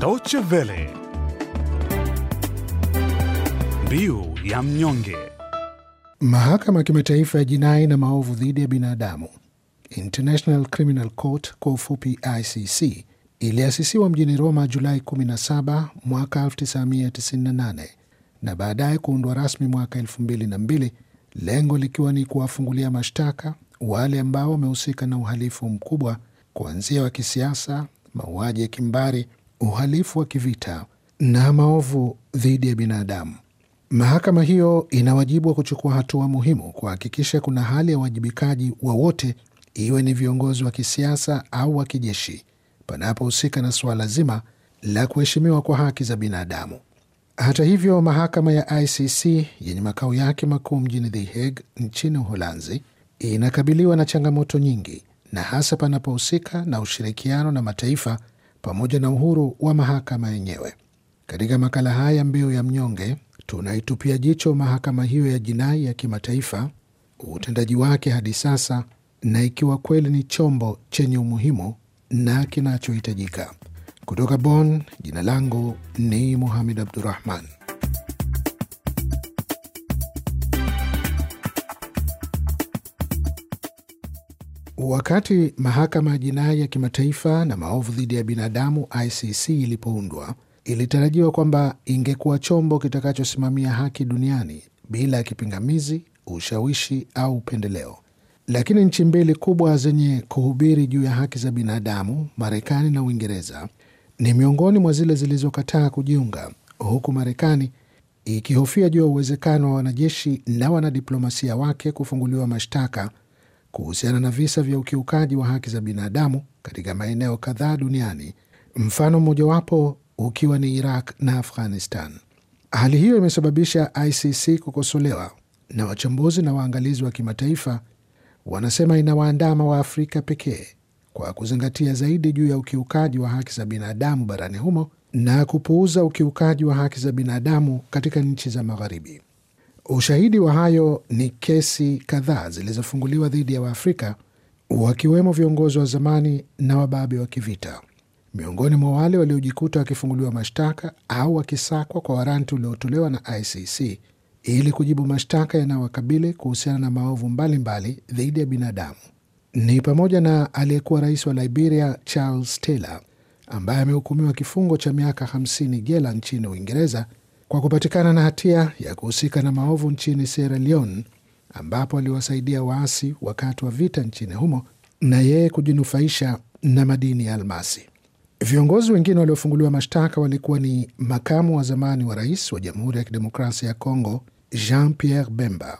Deutsche Welle, mbiu ya mnyonge. Mahakama ya kimataifa ya jinai na maovu dhidi ya binadamu, International Criminal Court kwa ufupi ICC, iliasisiwa mjini Roma Julai 17 mwaka 1998 na baadaye kuundwa rasmi mwaka 2002, lengo likiwa ni kuwafungulia mashtaka wale ambao wamehusika na uhalifu mkubwa kuanzia wa kisiasa, mauaji ya kimbari, uhalifu wa kivita na maovu dhidi ya binadamu. Mahakama hiyo ina wajibu wa kuchukua hatua muhimu kuhakikisha kuna hali ya uwajibikaji wa iwe ni viongozi wa kisiasa au wa kijeshi, panapohusika na suala zima la kuheshimiwa kwa haki za binadamu. Hata hivyo, mahakama ya ICC yenye makao yake makuu mjini The Hague nchini Uholanzi inakabiliwa na changamoto nyingi na hasa panapohusika na ushirikiano na mataifa pamoja na uhuru wa mahakama yenyewe. Katika makala haya Mbiu ya Mnyonge, tunaitupia jicho mahakama hiyo ya jinai ya kimataifa, utendaji wake hadi sasa, na ikiwa kweli ni chombo chenye umuhimu na kinachohitajika. Kutoka Bonn, jina langu ni Muhamed Abdurahman. Wakati mahakama ya jinai ya kimataifa na maovu dhidi ya binadamu ICC ilipoundwa, ilitarajiwa kwamba ingekuwa chombo kitakachosimamia haki duniani bila ya kipingamizi, ushawishi au upendeleo. Lakini nchi mbili kubwa zenye kuhubiri juu ya haki za binadamu, Marekani na Uingereza, ni miongoni mwa zile zilizokataa kujiunga, huku Marekani ikihofia juu ya uwezekano wa wanajeshi na wanadiplomasia wake kufunguliwa mashtaka kuhusiana na visa vya ukiukaji wa haki za binadamu katika maeneo kadhaa duniani, mfano mmojawapo ukiwa ni Iraq na Afghanistan. Hali hiyo imesababisha ICC kukosolewa na wachambuzi na waangalizi wa kimataifa wanasema inawaandama wa Afrika pekee kwa kuzingatia zaidi juu ya ukiukaji wa haki za binadamu barani humo na kupuuza ukiukaji wa haki za binadamu katika nchi za Magharibi. Ushahidi wa hayo ni kesi kadhaa zilizofunguliwa dhidi ya Waafrika, wakiwemo viongozi wa zamani na wababe wa kivita. Miongoni mwa wale waliojikuta wakifunguliwa mashtaka au wakisakwa kwa waranti uliotolewa na ICC ili kujibu mashtaka yanayowakabili kuhusiana na maovu mbalimbali dhidi ya binadamu ni pamoja na aliyekuwa rais wa Liberia Charles Taylor ambaye amehukumiwa kifungo cha miaka 50 jela nchini Uingereza kwa kupatikana na hatia ya kuhusika na maovu nchini Sierra Leone, ambapo aliwasaidia waasi wakati wa vita nchini humo na yeye kujinufaisha na madini ya almasi. Viongozi wengine waliofunguliwa mashtaka walikuwa ni makamu wa zamani wa rais wa Jamhuri ya Kidemokrasia ya Kongo, Jean Pierre Bemba.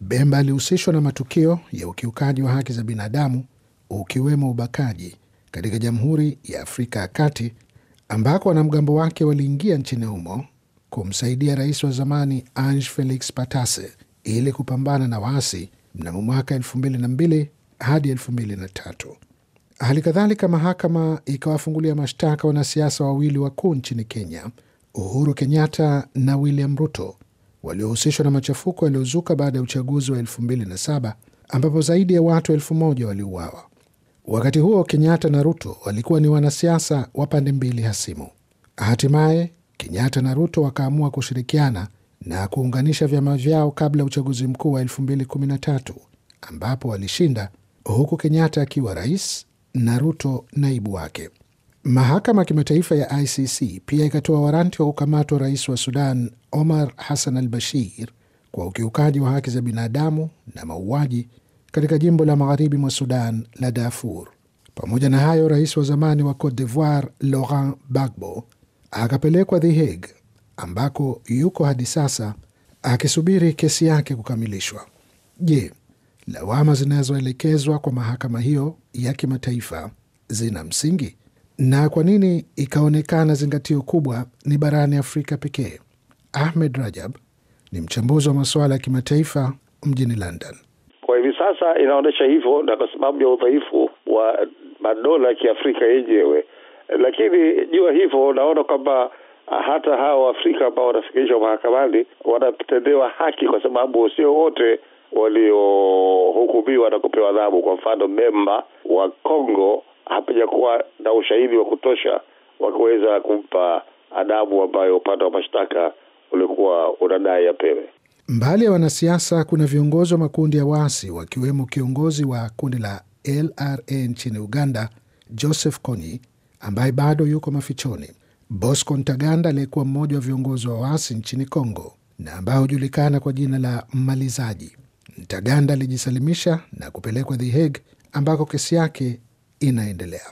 Bemba alihusishwa na matukio ya ukiukaji wa haki za binadamu, ukiwemo ubakaji katika Jamhuri ya Afrika ya Kati, ambako wanamgambo wake waliingia nchini humo kumsaidia rais wa zamani Ange Felix Patasse ili kupambana na waasi mnamo mwaka 2002 hadi 2003. Hali kadhalika mahakama ikawafungulia mashtaka wanasiasa wawili wakuu nchini Kenya, Uhuru Kenyatta na William Ruto, waliohusishwa na machafuko yaliyozuka baada ya uchaguzi wa 2007 ambapo zaidi ya watu elfu moja waliuawa. Wakati huo Kenyatta na Ruto walikuwa ni wanasiasa wa pande mbili hasimu. Hatimaye Kenyatta na Ruto wakaamua kushirikiana na kuunganisha vyama vyao kabla ya uchaguzi mkuu wa 2013 ambapo walishinda huku Kenyatta akiwa rais na Ruto naibu wake. Mahakama ya kimataifa ya ICC pia ikatoa waranti wa kukamatwa rais wa Sudan Omar Hassan al Bashir kwa ukiukaji wa haki za binadamu na mauaji katika jimbo la magharibi mwa Sudan la Darfur. Pamoja na hayo, rais wa zamani wa Cote d'Ivoire Laurent Gbagbo akapelekwa The Hague ambako yuko hadi sasa akisubiri kesi yake kukamilishwa. Je, lawama zinazoelekezwa kwa mahakama hiyo ya kimataifa zina msingi na kwa nini ikaonekana zingatio kubwa ni barani Afrika pekee? Ahmed Rajab ni mchambuzi wa masuala ya kimataifa mjini London. Kwa hivi sasa inaonyesha hivyo, na kwa sababu ya udhaifu wa madola ya kiafrika yenyewe lakini jua hivyo, naona kwamba ah, hata hawa Waafrika ambao wanafikishwa mahakamani wanatendewa haki, kwa sababu sio wote waliohukumiwa na kupewa adhabu. Kwa mfano, memba wa Kongo hapajakuwa na ushahidi wa kutosha wa kuweza kumpa adhabu ambayo upande wa mashtaka ulikuwa unadai apewe. Mbali ya wanasiasa, kuna viongozi wa makundi ya waasi wakiwemo kiongozi wa kundi la LRA nchini Uganda, Joseph Kony ambaye bado yuko mafichoni, Bosco Ntaganda aliyekuwa mmoja wa viongozi wa waasi nchini Kongo na ambaye hujulikana kwa jina la Mmalizaji. Ntaganda alijisalimisha na kupelekwa The Hague ambako kesi yake inaendelea.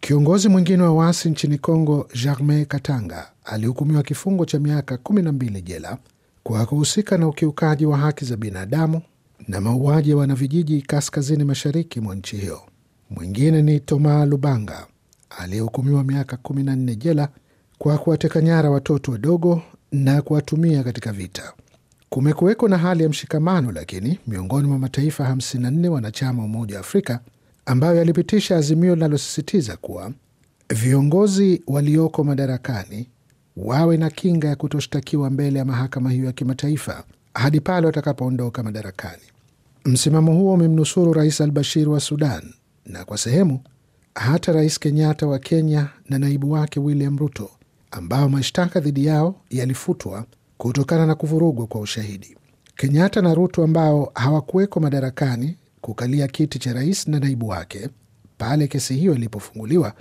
Kiongozi mwingine wa waasi nchini Kongo, Germain Katanga, alihukumiwa kifungo cha miaka 12 jela kwa kuhusika na ukiukaji wa haki za binadamu na mauaji ya wanavijiji kaskazini mashariki mwa nchi hiyo. Mwingine ni Tomas Lubanga aliyehukumiwa miaka 14 jela kwa kuwateka nyara watoto wadogo na kuwatumia katika vita. Kumekuweko na hali ya mshikamano lakini miongoni mwa mataifa 54 wanachama wa Umoja wa Afrika ambayo yalipitisha azimio linalosisitiza kuwa viongozi walioko madarakani wawe na kinga ya kutoshtakiwa mbele ya mahakama hiyo ya kimataifa hadi pale watakapoondoka madarakani. Msimamo huo umemnusuru Rais al Bashir wa Sudan na kwa sehemu hata Rais Kenyatta wa Kenya na naibu wake William Ruto, ambao mashtaka dhidi yao yalifutwa kutokana na kuvurugwa kwa ushahidi. Kenyatta na Ruto ambao hawakuwekwa madarakani kukalia kiti cha rais na naibu wake pale kesi hiyo ilipofunguliwa,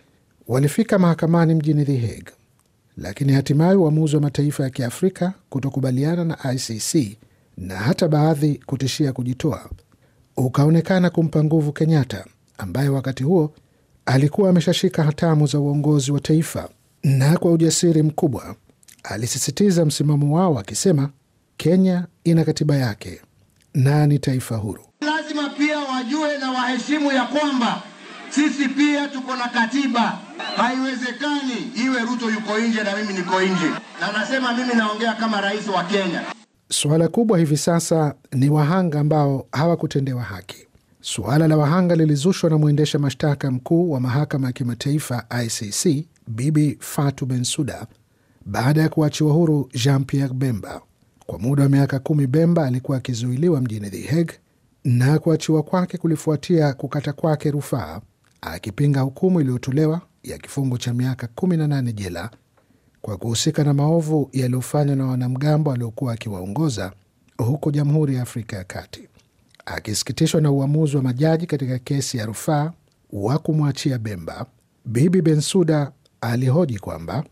walifika mahakamani mjini The Hague, lakini hatimaye uamuzi wa mataifa ya Kiafrika kutokubaliana na ICC na hata baadhi kutishia kujitoa ukaonekana kumpa nguvu Kenyatta ambaye wakati huo alikuwa ameshashika hatamu za uongozi wa taifa na kwa ujasiri mkubwa alisisitiza msimamo wao akisema, Kenya ina katiba yake na ni taifa huru. Lazima pia wajue na waheshimu ya kwamba sisi pia tuko na katiba. Haiwezekani iwe Ruto yuko nje na mimi niko nje, na nasema mimi naongea kama rais wa Kenya. Suala kubwa hivi sasa ni wahanga ambao hawakutendewa haki. Suala la wahanga lilizushwa na mwendesha mashtaka mkuu wa mahakama ya kimataifa ICC Bibi Fatu Bensuda baada ya kuachiwa huru Jean Pierre Bemba. Kwa muda wa miaka kumi, Bemba alikuwa akizuiliwa mjini The Hague na kuachiwa kwake kulifuatia kukata kwake rufaa akipinga hukumu iliyotolewa ya kifungo cha miaka 18 jela kwa kuhusika na maovu yaliyofanywa na wanamgambo aliokuwa akiwaongoza huko Jamhuri ya Afrika ya Kati. Akisikitishwa na uamuzi wa majaji katika kesi ya rufaa wa kumwachia Bemba, Bibi Bensuda alihoji kwamba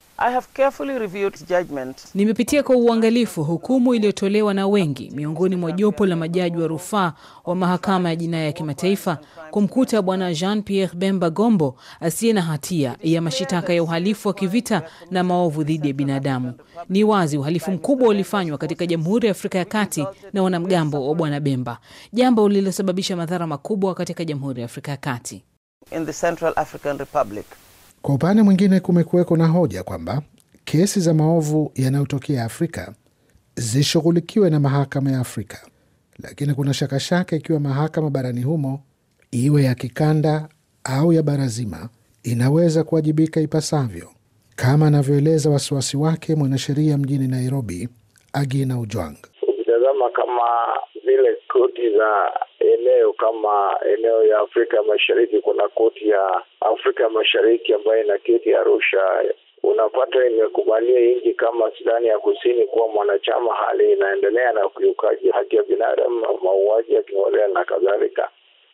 nimepitia kwa uangalifu hukumu iliyotolewa na wengi miongoni mwa jopo la majaji wa rufaa wa mahakama ya jinai ya kimataifa kumkuta bwana Jean Pierre Bemba Gombo asiye na hatia ya mashitaka ya uhalifu wa kivita na maovu dhidi ya binadamu. Ni wazi uhalifu mkubwa ulifanywa katika Jamhuri ya Afrika ya Kati na wanamgambo wa bwana Bemba, jambo lililosababisha madhara makubwa katika Jamhuri ya Afrika ya Kati. In the kwa upande mwingine, kumekuweko na hoja kwamba kesi za maovu yanayotokea Afrika zishughulikiwe na mahakama ya Afrika, lakini kuna shakashaka ikiwa mahakama barani humo, iwe ya kikanda au ya bara zima, inaweza kuwajibika ipasavyo, kama anavyoeleza wasiwasi wake mwanasheria mjini Nairobi, Agina Ujwang. Ukitazama kama vile koti za eneo kama eneo ya Afrika Mashariki, kuna koti ya Afrika Mashariki ambayo ina keti Arusha, unapata imekubalia nchi kama Sudani ya Kusini kuwa mwanachama, hali inaendelea na ukiukaji haki ya binadamu, mauaji ya kiholela na kadhalika.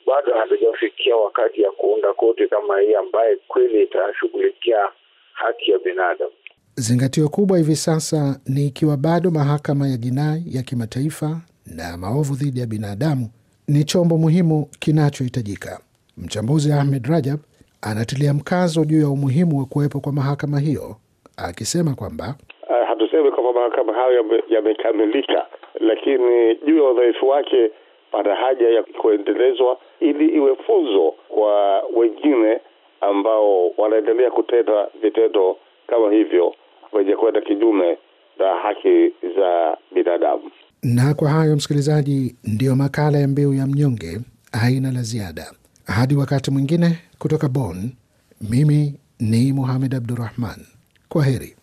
Bado hatujafikia wakati ya kuunda koti kama hii ambaye kweli itashughulikia haki ya binadamu. Zingatio kubwa hivi sasa ni ikiwa bado mahakama ya jinai ya kimataifa na maovu dhidi ya binadamu ni chombo muhimu kinachohitajika. Mchambuzi Ahmed Rajab anatilia mkazo juu ya umuhimu wa kuwepo kwa mahakama hiyo akisema kwamba uh, hatusemi kwamba mahakama hayo yamekamilika, ya lakini juu ya udhaifu wake pana haja ya kuendelezwa ili iwe funzo kwa wengine ambao wanaendelea kutenda vitendo kama hivyo vyenye kwenda kinyume na haki za binadamu. Na kwa hayo, msikilizaji, ndiyo makala ya Mbiu ya Mnyonge. Haina la ziada hadi wakati mwingine. Kutoka Bonn, mimi ni Muhamed Abdurahman. Kwa heri.